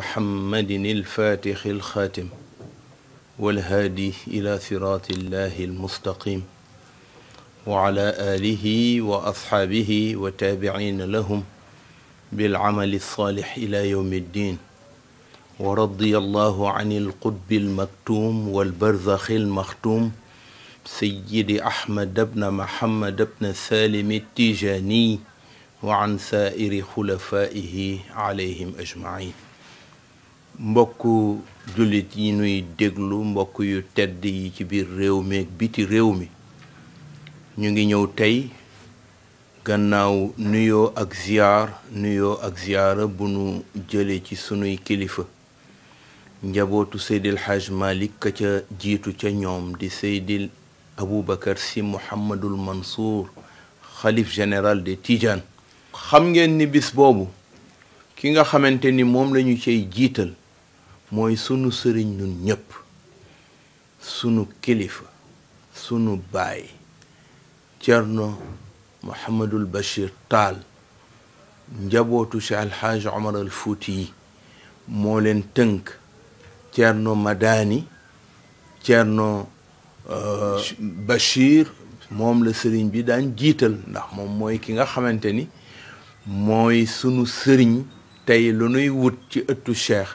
muhammadin alfaatixi alxaatim walhaadi ila siraati illahi almustaqim wa ala aalihi wa asxaabihi wa taabiciina lahum bilcamali alsaalix ila yowmi ddin wa radia allahu an alqutbi almaktum walbarzaxi almaxtum sayidi ahmad bna muhammad bna salim tijaani wa an saairi xulafaaihi alayhim ajmain mbokku jullit yi nuy déglu mbokk yu tedd yi ci biir réew mi ak biti réew mi ñu ngi ñëw tey gannaaw nuyoo ak ziyaar nuyoo ak ziyaara bu nu jële ci sunuy kilifa njabootu seydil xaaj malik ka ca jiitu ca ñoom di seydil aboubacar si mouhamadul mansour xalif général de Tidiane xam ngeen ni bis boobu ki nga xamante ni moom lañu cay jiital mooy sunu sëriñ ñun ñépp sunu kilifa sunu baay cerno Mouhamadul Bachir Taal njabootu Cheikh Al Hadj Omar Al Fouti yi moo leen tënk cerno Madani cerno euh, Bachir moom la sëriñ bi daan jiital ndax moom mooy ki nga xamante ni mooy sunu sëriñ tey lu nuy wut ci ëttu cheikh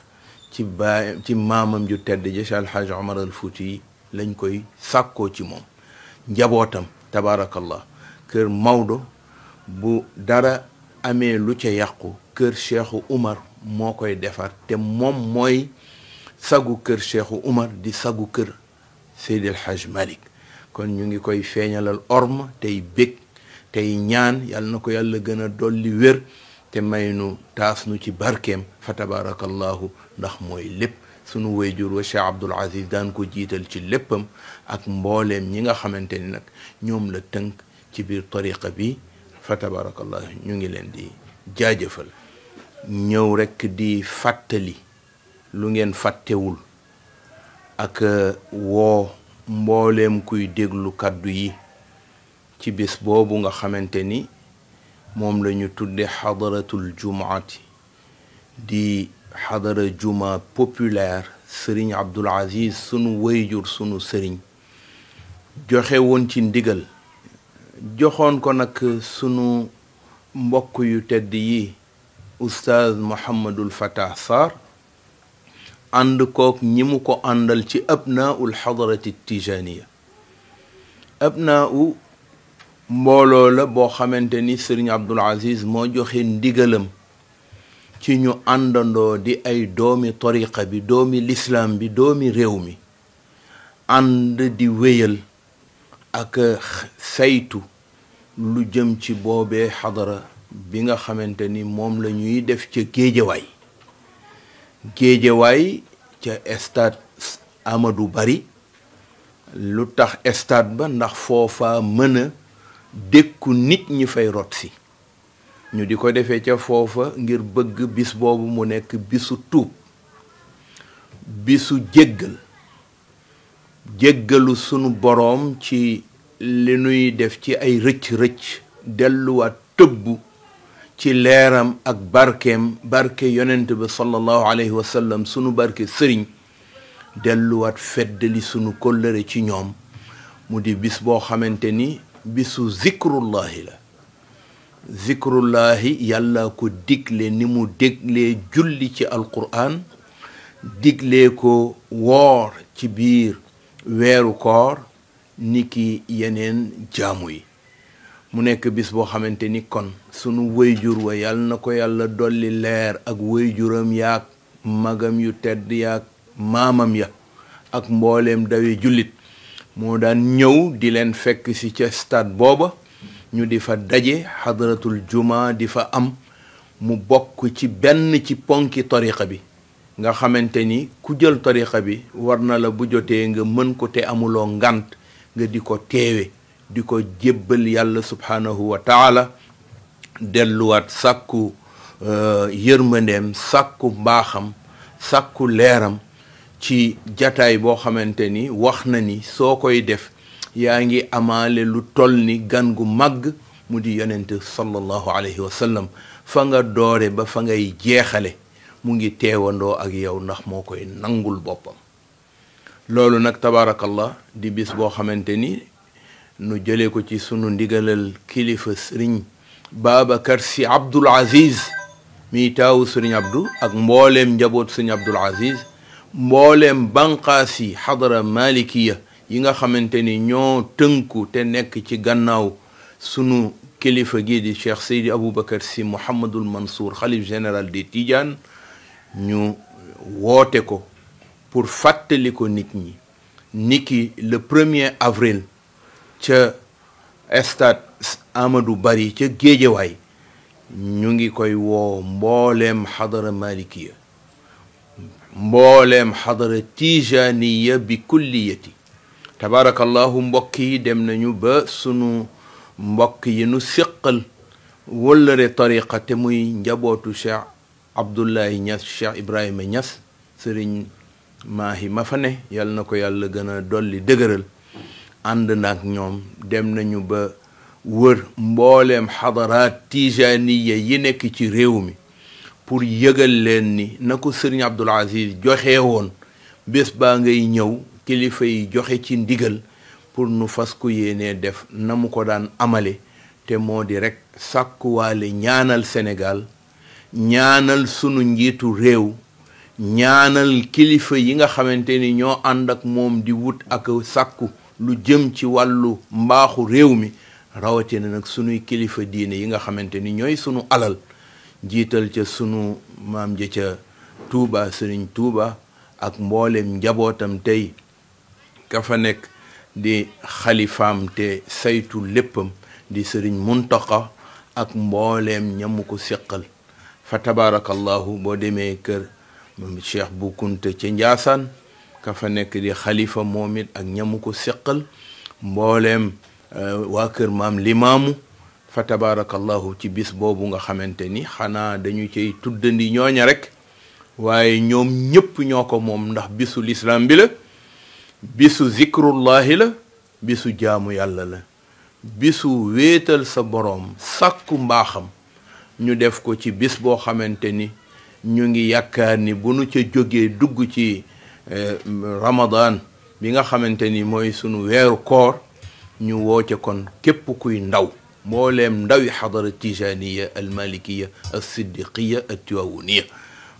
ci baay ci maamam ju tedd ja Seex Alxaaj al Fuuti lañ koy sàkkoo ci moom njabootam tabaarakallah kër Maodo bu dara amee lu ca yàqu kër Cheikhu Umar moo koy defar te moom mooy sagu kër Cheikhu Umar di sagu kër Seydi El Hadj kon ñu ngi koy feeñalal orma tey bég tey ñaan yàlla na ko yàlla gën a dolli wér te may nu taas nu ci barkeem fa tabarakallahu ndax mooy lépp sunu wayjur wa Cheikh Abdoul Aziz daan ko jiital ci léppam ak mbooleem ñi nga xamante ni nag ñoom la tënk ci biir tariqa bi fa tabarakallahu ñu ngi leen di jaajëfal ñëw rekk di fàttali lu ngeen fàttewul ak uh, woo mbooleem kuy déglu kàddu yi ci bis boobu nga xamante ni moom lañu ñu tudde xadaratul jumaati di xadara juma populaire sëriñ Abdul Aziz sunu wayjur sunu sëriñ joxe woon ci ndigal joxoon ko nag sunu mbokk yu tedd yi oustaz Mohammadul Fatah Sarr ànd kook ñi mu ko andal ci abnaa ul xadarati tijaniya mbooloo la boo xamante ni sëriñ Abdul Aziz moo joxe ndigalam ci ñu àndandoo di ay doomi tariqa bi doomi lislaam bi doomi réew mi ànd di wéyal ak saytu lu jëm ci boobee xadara bi nga xamante ni moom la ñuy def ca géejawaay géejawaay ca stade Amadou bari lu tax stade ba ndax foofa mëna dëkku nit ñi fay rot si ñu di ko defe ca foofa ngir bëgg bis boobu mu nekk bisu tuub bisu jéggal jéggalu sunu boroom ci li nuy def ci ay rëcc-rëcc delluwaat tëbbu ci leeram ak barkeem barke yonent ba sallallahu alayhi wa sunu barke sëriñ delluwaat feddali sunu kóllëre ci ñoom mu di bis boo xamante ni bisu zikrullahi la zikrullahi yàlla ko digle ni mu dégle julli ci alquran digle ko woor ci biir weeru koor niki yeneen jaamu yi mu nekk bis boo xamante ni kon sunu wayjur wa yàlla na ko yàlla dolli leer ak wayjuram yaag magam yu tedd yaag maamam ya ak mbooleem dawe jullit moo daan ñëw di leen fekk si ca stade booba ñu di fa daje xadratul jumaa di fa am mu bokk ci benn ci ponki tariqa bi nga xamante ni ku jël tariqa bi war na la bu jotee nga mën ko te amuloo ngant nga di ko teewe di ko jébbal yàlla subhaanahu wa taala delluwaat sàkku euh, yërmandeem sàkku mbaaxam sàkku leeram ci jataay boo xamante ni wax na ni soo koy def yaa ngi amaale lu toll ni gan gu màgg mu di yonent sallallahu alayhi wa fa nga doore ba fa ngay jeexale mu ngi teewandoo ak yow ndax moo koy nangul boppam loolu nag tabaarakallah di bis boo xamante ni nu jële ko ci sunu ndigalal kilifa sëriñ Babacar si Abdoul Aziz mi taawu sëriñ Abdou ak mbooleem njaboot sëriñ Abdoul Aziz mbooleem banqaas yi xadara malikiya yi nga xamante ni ñoo tënku te nekk ci gannaaw sunu kilifa gi di cheikh seydi aboubacar si mouhamadul mansour xalif général de Tidiane ñu woote ko pour fàttali ko nit ñi niki le premier avril ca stade Amadou bari ca Géejawaay ñu ngi koy woo mbooleem xadara malikiya mboolem xadara tijaniya bi kulliyati tabaarakallahu mbokk yi dem nañu ba sunu mbokk yi nu séqal wëllëre tariqa te muy njabootu cheikh abdullahi ñas cheikh ibrahima ñas sëriñ maahi ma fa ne yal na ko yàlla gën a dolli dëgëral ànd naak ñoom dem nañu ba wër mboolem xadaraat tijaniya yi nekk ci réew mi pour yëgal leen ni na ko sëriñ Abdul Aziz joxe woon bés baa ngay ñëw kilifa yi joxe ci ndigal pour nu fas ku yéenee def na mu ko daan amale te moo di rekk sàkkuwaale ñaanal Sénégal ñaanal sunu njiitu réew ñaanal kilifa yi nga xamante ni ñoo ànd ak moom di wut ak sàkku lu jëm ci wàllu mbaaxu réew mi rawatina nag sunuy kilifa diine yi nga xamante ni ñooy sunu alal jiital ca sunu maam ja ca tuuba Serigne Touba ak mboolem njabootam tey ka fa nekk di xalifaam te saytu léppam di Serigne Muntaqa ak mbooleem ñamu ko seqal fa tabaarakallahu boo demee kër moom Cheikh bu Kunta ca Njaasaan ka fa nekk di xalifa moom it ak ñam ko seqal mbooleem euh, waa kër maam limaamu fa tabaarakallahu ci bis boobu nga xamante ni xanaa dañu cay tuddandi ñooña rekk waaye ñoom ñépp ñoo ko moom ndax bisu lislaam bi la bisu zikrullahi la bisu jaamu yàlla la bisu wéetal sa boroom sàkku mbaaxam ñu def ko ci bis boo xamante ni ñu ngi yàkkaar ni bu nu ca jógee dugg ci eh, ramadaan bi nga xamante ni mooy sunu weeru koor ñu wooce kon képp kuy ndaw mbooleem ndawi xadara tijaniya almalikiya alsiddiqiya altiwawuniya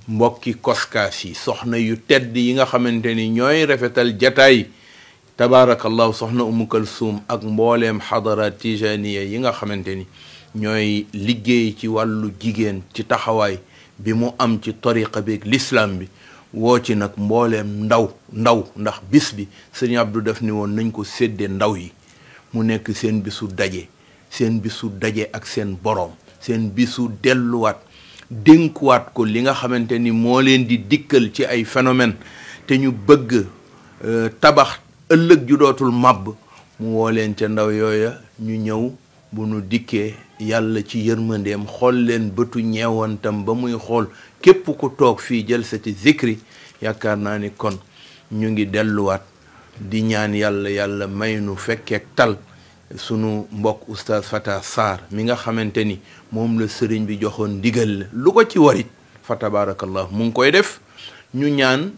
mbokki koskaas yi soxna yu tedd yi nga xamante ni ñooy rafetal jataay tabaarakallahu soxna umu kalsuum ak mbooleem xadara tijaniya yi nga xamante ni ñooy liggéey ci wàllu jigéen ci taxawaay bi mu am ci tariqa bi lislaam bi woo ci nag mbooleem ndaw ndaw ndax bis bi sëñ Abdou def ni woon nañ ko séddee ndaw yi mu nekk seen bisu daje seen bisu daje ak seen boroom seen bisu delluwaat dénkuwaat ko li nga xamante ni moo leen di dikkal ci ay phénomène te ñu bëgg euh, tabax ëllëg ju dootul màbb mu woo leen ca ndaw yooya ñu ñëw bu nu dikkee yàlla ci yërmandeem xool leen bëtu ñeewantam ba muy xool képp ku toog fii jël sa ci zikri yaakaar naa ni kon ñu ngi delluwaat di ñaan yàlla yàlla may nu fekkeek tal sunu mbokk oustaz Fata Sarr mi nga xamante ni moom la sëriñ bi joxoon ndigal lu ko ci warit fa tabaarakallah mu ngi koy def ñu ñaan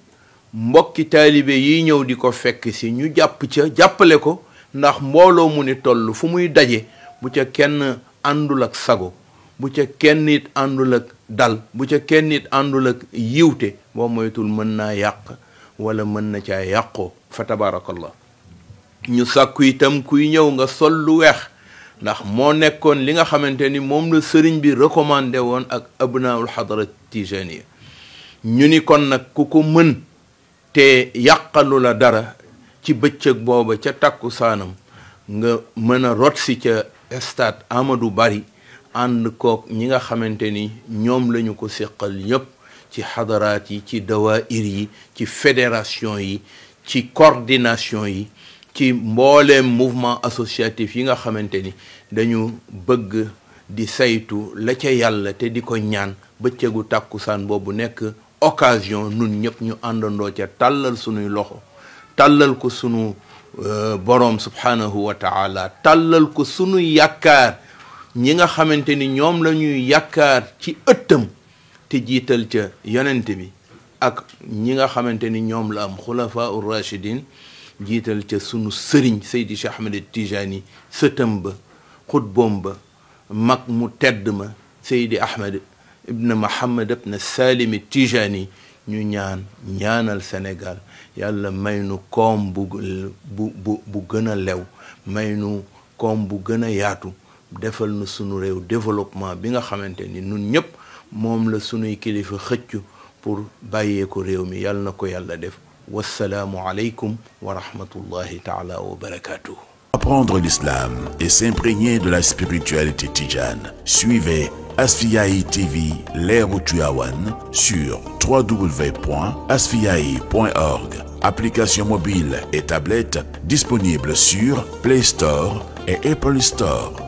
mbokki taalibe yi ñëw di ko fekk si ñu jàpp ca jàppale ko ndax mbooloo mu ne toll fu muy daje bu ca kenn àndul ak sago bu ca kenn it àndul ak dal bu ca kenn it àndul ak yiwte boo moyetul mën naa yàq wala mën na caa yàqoo fa tabaarakallah ñu sàkku itam kuy ñëw nga sol lu weex ndax moo nekkoon li nga xamante ni moom la sëriñ bi recommandé woon ak abnaul xadara tijaniya ñu ni kon nag ku ko mën te yàqalu la dara ci bëccëg booba ca takku saanam nga mën a rot si ca stade Amadou Barry ànd kook ñi nga xamante ni ñoom lañu ko séqal ñëpp ci xadaraat yi ci dawaïr yi ci fédération yi ci coordination yi ci mbooleem mouvement associatif yi nga xamante ni dañu bëgg di saytu la ca yàlla te di ko ñaan bëccëgu tàkkusaan boobu nekk occasion nun ñëpp ñu àndandoo ca tàllal sunuy loxo tàllal ko sunu euh, boroom subhaanahu wa taala tàllal ko sunu yàkkaar ñi nga xamante ni ñoom la ñuy yàkkaar ci ëttam te jiital ca yonent bi ak ñi nga xamante ni ñoom la am xulafa ur rachidin jiital ca sunu sëriñ Seydi Cheikh Ahmed Tijani sëtam ba xutboom ba mag mu tedd ma Seydi Ahmed ibn Mohamed ibn Salim Tijani ñu ñaan ñaanal Sénégal yàlla may nu koom bu bu bu bu gën a lew may nu koom bu gën a yaatu defal nu sunu réew développement bi nga xamante ni nun ñëpp moom la sunuy kilifa xëccu pour bàyyee ko réew mi yàlla na ko yàlla def wassalaamu aleykum wa rahmatullahi wa barakatuh apprendre l'islam et s'imprégner de la spiritualité tijane suivez Asfiyahi TV Leeru Tivaouane sur www.asfiyahi.org application mobile et tablette disponible sur Play Store et Apple Store